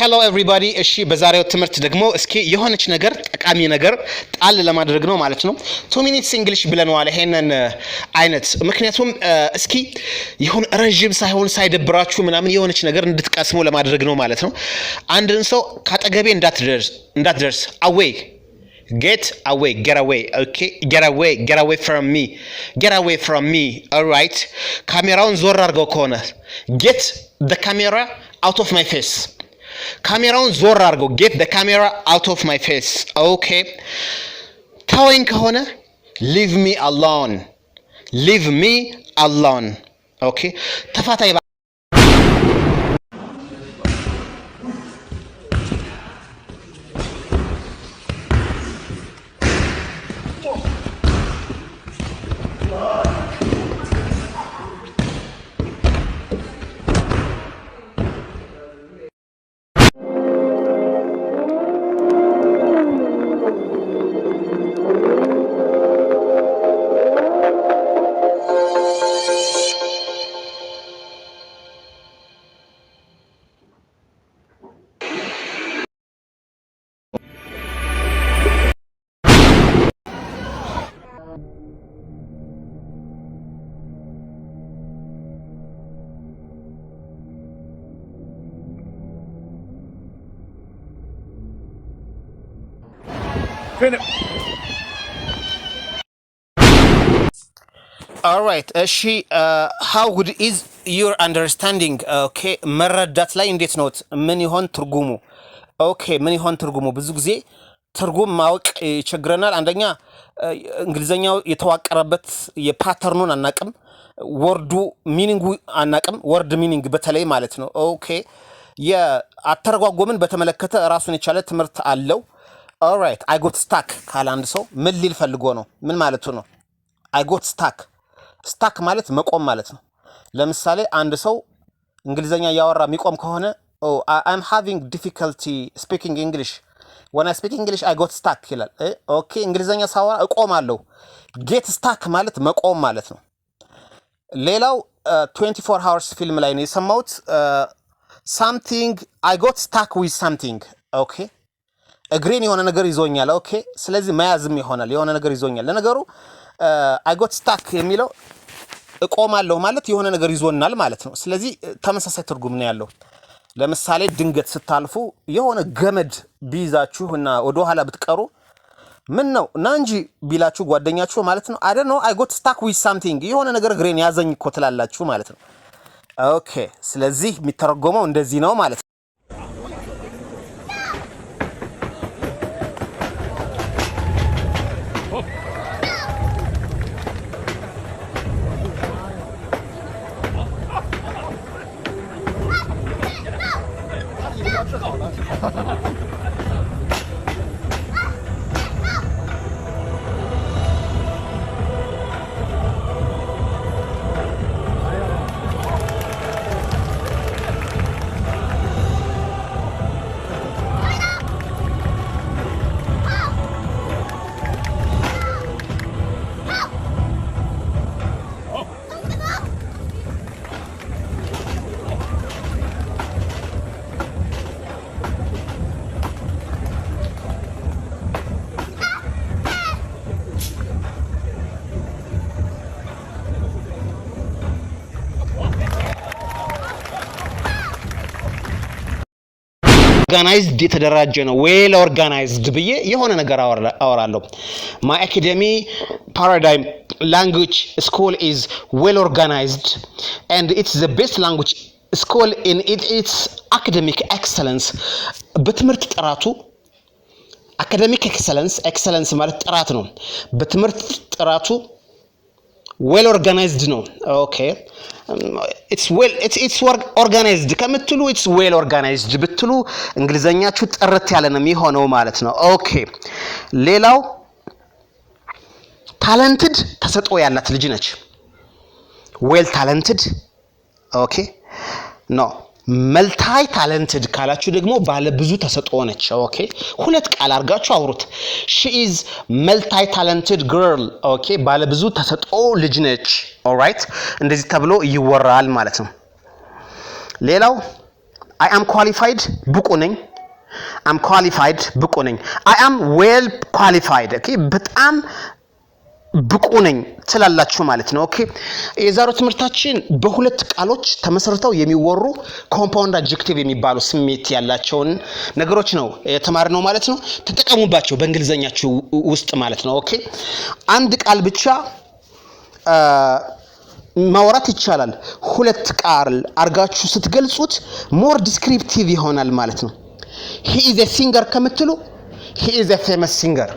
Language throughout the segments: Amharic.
ሄሎ ኤቭሪባዲ። እሺ በዛሬው ትምህርት ደግሞ እስኪ የሆነች ነገር ጠቃሚ ነገር ጣል ለማድረግ ነው ማለት ነው። ቱ ሚኒትስ እንግሊሽ ብለነዋል ይሄንን uh, አይነት ምክንያቱም uh, እስኪ የሆነ ረዥም ሳይሆን ሳይደብራችሁ ምናምን የሆነች ነገር እንድትቀስሙ ለማድረግ ነው ማለት ነው። አንድን ሰው ካጠገቤ እንዳትደርስ አዌይ ጌት አዌይ ጌት አዌይ ኦኬ ጌት አዌይ ጌት አዌይ ፍሮም ሚ ጌት አዌይ ፍሮም ሚ ኦልራይት ካሜራውን ዞር አድርገው ከሆነ ጌት ካሜራ አውት ኦፍ ማይ ፌስ ካሜራውን ዞር አድርገው ጌት ካሜራ አውት ኦፍ ማይ ፌስ ኦኬ ታወኝ ከሆነ ሊቭ ሚ አሎን ሊቭ ሚ አሎን ኦኬ ተፋታይ ኦራይት እሺ፣ ሃው ጉድ ኢዝ ዩር አንደርስታንዲንግ። ኦኬ መረዳት ላይ እንዴት ነዎት? ምን ይሆን ትርጉሙ? ኦኬ ምን ይሆን ትርጉሙ? ብዙ ጊዜ ትርጉም ማወቅ ይቸግረናል። አንደኛ uh, እንግሊዘኛው የተዋቀረበት የፓተርኑን አናቅም፣ ወርዱ ሚኒንጉ አናቅም። ወርድ ሚኒንግ በተለይ ማለት ነው። ኦኬ የአተረጓጎምን በተመለከተ ራሱን የቻለ ትምህርት አለው። ኦራይት አይ ጎት ስታክ ካለ አንድ ሰው ምን ሊል ፈልጎ ነው? ምን ማለቱ ነው? አይ ጎት ስታክ። ስታክ ማለት መቆም ማለት ነው። ለምሳሌ አንድ ሰው እንግሊዘኛ እያወራ የሚቆም ከሆነ አም ሃቪንግ ዲፊካልቲ ስፒኪንግ እንግሊሽ ወን አይ ስፒክ እንግሊሽ አይ ጎት ስታክ ይላል። ኦኬ እንግሊዘኛ ሳወራ እቆማለሁ። ጌት ስታክ ማለት መቆም ማለት ነው። ሌላው 24 ሃወርስ ፊልም ላይ ነው የሰማሁት። ሳምቲንግ አይ ጎት ስታክ ዊዝ ሳምቲንግ ኦኬ እግሬን የሆነ ነገር ይዞኛል። ኦኬ ስለዚህ መያዝም ይሆናል የሆነ ነገር ይዞኛል። ለነገሩ አይጎት ስታክ የሚለው እቆማለሁ ማለት የሆነ ነገር ይዞናል ማለት ነው። ስለዚህ ተመሳሳይ ትርጉም ነው ያለው። ለምሳሌ ድንገት ስታልፉ የሆነ ገመድ ቢይዛችሁ እና ኋላ ብትቀሩ ምን ነው እና እንጂ ቢላችሁ ጓደኛችሁ ማለት ነው። አደ ነው አይጎት ስታክ ዊዝ ሳምቲንግ የሆነ ነገር እግሬን ያዘኝ እኮ ትላላችሁ ማለት ነው። ኦኬ ስለዚህ የሚተረጎመው እንደዚህ ነው ማለት ነው። ハハハハ ኦርጋናይዝድ የተደራጀ ነው ዌል ኦርጋናይዝድ ብዬ የሆነ ነገር አወራለሁ። ማይ አካዴሚ ፓራዳይም ላንጉጅ ስኩል ኢዝ ዌል ኦርጋናይዝድ ኤንድ ኢትስ ዘ ቤስት ላንጉጅ ስኩል ኢን ኢትስ አካደሚክ ኤክሰለንስ በትምህርት ጥራቱ አካደሚክ ኤክሰለንስ ኤክሰለንስ ማለት ጥራት ነው። በትምህርት ጥራቱ ዌል ኦርጋናይዝድ ነው። ኦኬ ኢትስ ኦርጋናይዝድ ከምትሉ ኢትስ ዌል ኦርጋናይዝድ ብትሉ እንግሊዘኛችሁ ጥርት ያለ ነው የሚሆነው ማለት ነው። ኦኬ ሌላው ታለንትድ ተሰጥኦ ያላት ልጅ ነች። ዌል ታለንትድ ኦኬ ኖ መልታይ ታለንትድ ካላችሁ ደግሞ ባለ ብዙ ተሰጥኦ ነች። ኦኬ ሁለት ቃል አድርጋችሁ አውሩት። ሺ ኢዝ መልታይ ታለንትድ ግርል። ኦኬ ባለ ብዙ ተሰጥኦ ልጅ ነች። ኦራይት እንደዚህ ተብሎ ይወራል ማለት ነው። ሌላው አይ አም ኳሊፋይድ ብቁ ነኝ። አም ኳሊፋይድ ብቁ ነኝ። አይ አም ዌል ኳሊፋይድ። በጣም ብቁ ነኝ ትላላችሁ ማለት ነው። ኦኬ የዛሬው ትምህርታችን በሁለት ቃሎች ተመሰርተው የሚወሩ ኮምፓውንድ አጀክቲቭ የሚባሉ ስሜት ያላቸውን ነገሮች ነው የተማርነው ማለት ነው። ተጠቀሙባቸው በእንግሊዘኛችሁ ውስጥ ማለት ነው። ኦኬ አንድ ቃል ብቻ ማውራት ይቻላል። ሁለት ቃል አርጋችሁ ስትገልጹት ሞር ዲስክሪፕቲቭ ይሆናል ማለት ነው። ሂ ኢዝ ሲንገር ከምትሉ ሂ ኢዝ ፌመስ ሲንገር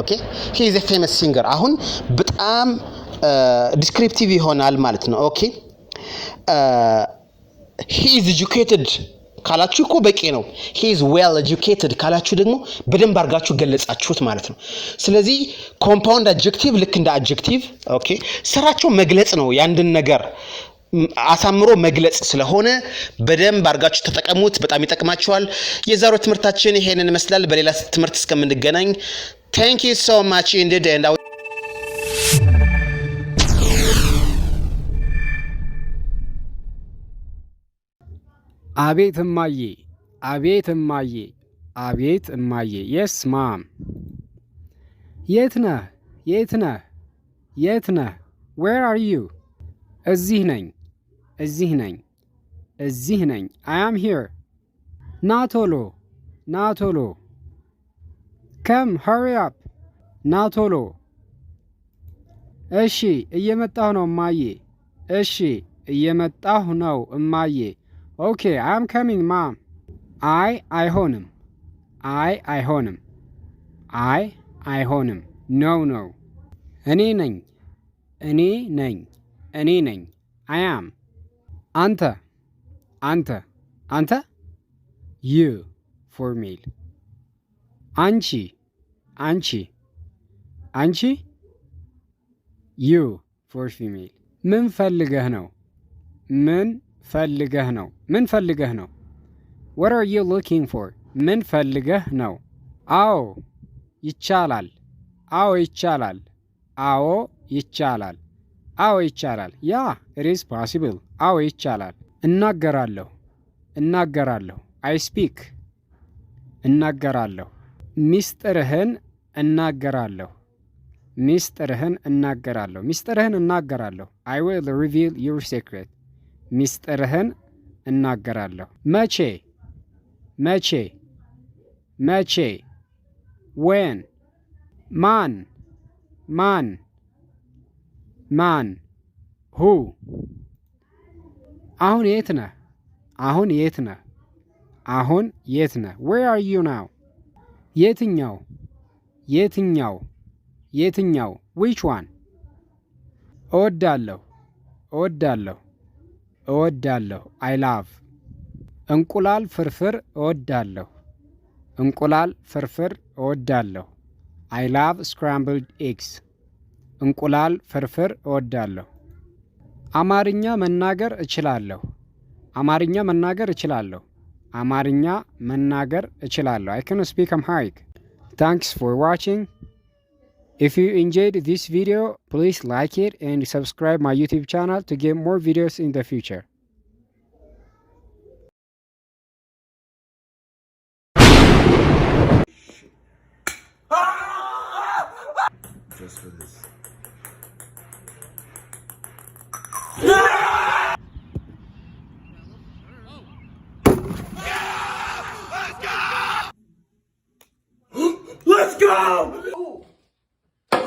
ኦኬ ሂ ኢዝ ኤ ፌመስ ሲንገር። አሁን በጣም ዲስክሪፕቲቭ ይሆናል ማለት ነው። ኦኬ ሂ ኢዝ ኤጁኬትድ ካላችሁ እኮ በቂ ነው። ሂ ኢዝ ዌል ኤጁኬትድ ካላችሁ ደግሞ በደንብ አርጋችሁ ገለጻችሁት ማለት ነው። ስለዚህ ኮምፓውንድ አጀክቲቭ ልክ እንደ አጀክቲቭ ኦኬ ስራቸው መግለጽ ነው የአንድን ነገር አሳምሮ መግለጽ ስለሆነ በደንብ አርጋችሁ ተጠቀሙት። በጣም ይጠቅማችኋል። የዛሮ ትምህርታችን ይሄንን ይመስላል። በሌላ ትምህርት እስከምንገናኝ Thank you so much indeed. And I አቤት እማዬ አቤት እማዬ አቤት እማዬ የስ ማም የት ነህ የት ነህ የት ነህ ዌር አር ዩ እዚህ ነኝ እዚህ ነኝ እዚህ ነኝ አይ አም ሂር ናቶሎ ናቶሎ ከም ሀሪ አፕ ና ቶሎ። እሺ እየመጣሁ ነው እማዬ። እሺ እየመጣሁ ነው እማዬ። ኦኬ አም ከሚንግ ማም። አይ አይሆንም፣ አይ አይሆንም፣ አይ አይሆንም። ነው ነው። እኔ ነኝ፣ እኔ ነኝ፣ እኔ ነኝ። አያም አንተ፣ አንተ፣ አንተ ዩ ፎርሜል አንቺ አንቺ አንቺ ዩ ፎር ፊሜል ምን ፈልገህ ነው? ምን ፈልገህ ነው? ምን ፈልገህ ነው? ወት አር ዩ ሉኪንግ ፎር ምን ፈልገህ ነው? አዎ ይቻላል። አዎ ይቻላል። አዎ ይቻላል። አዎ ይቻላል። ያ ኢትስ ፖሲብል። አዎ ይቻላል። እናገራለሁ እናገራለሁ። አይ ስፒክ እናገራለሁ ሚስጥርህን እናገራለሁ ሚስጥርህን እናገራለሁ ሚስጥርህን እናገራለሁ አይ ዊል ሪቪል ዩር ሴክሬት ሚስጥርህን እናገራለሁ መቼ መቼ መቼ ወን ማን ማን ማን ሁ አሁን የት ነህ አሁን የት ነህ አሁን የት ነህ ዌር አር ዩ ናው የትኛው የትኛው የትኛው ዊች ዋን እወዳለሁ እወዳለሁ እወዳለሁ አይ ላቭ እንቁላል ፍርፍር እወዳለሁ እንቁላል ፍርፍር እወዳለሁ አይ ላቭ ስክራምብልድ ኤግስ እንቁላል ፍርፍር እወዳለሁ። አማርኛ መናገር እችላለሁ። አማርኛ መናገር እችላለሁ። አማርኛ መናገር እችላለሁ። አይ ካን ስፒክ አምሃሪክ። Thanks for watching. If you enjoyed this video, please like it and subscribe my YouTube channel to get more videos in the future. go! Ooh. Ooh. Oh.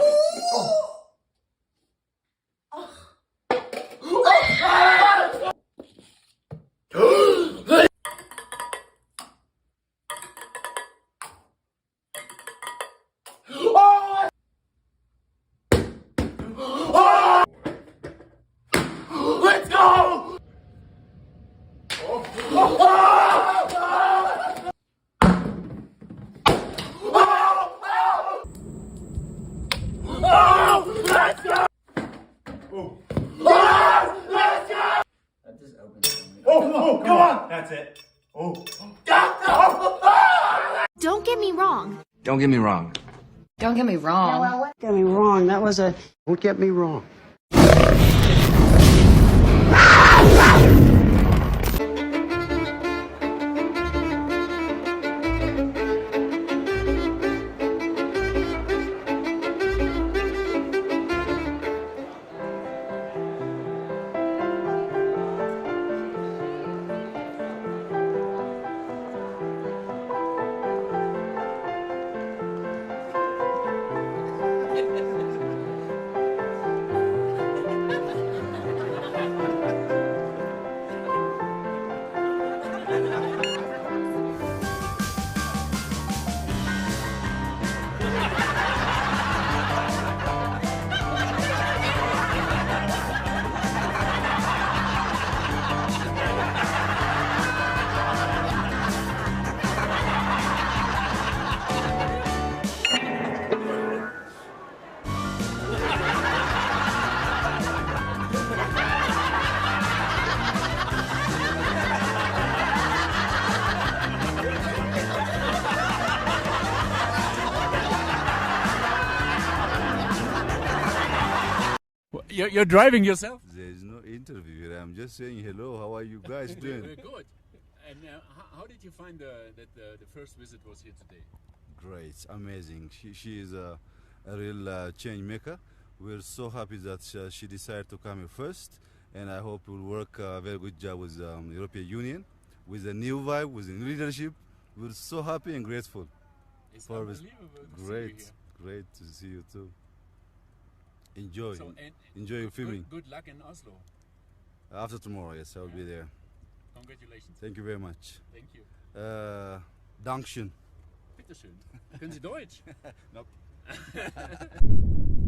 Oh. Oh. Oh. Oh. Oh. That's it. Oh. Don't get me wrong. Don't get me wrong. Don't get me wrong. Don't get me wrong. That was a. Don't get me wrong. You're, you're driving yourself? There is no interview. I'm just saying hello. How are you guys doing? We're good. And uh, how, how, did you find uh, that uh, the first visit was here today? Great, amazing. She, she is a, a real uh, change maker. We're so happy that she, uh, she, decided to come here first, and I hope we'll work a very good job with the um, European Union, with a new vibe, with a new leadership. We're so happy and grateful. It's for unbelievable. Great, great to see you too. Enjoy. So, and, Enjoy your filming. Good, good, luck in Oslo. After tomorrow, yes, I'll yeah. be there. Congratulations. Thank you very much. Thank you. Uh, Dankeschön. Bitteschön. Können Sie Deutsch? nope.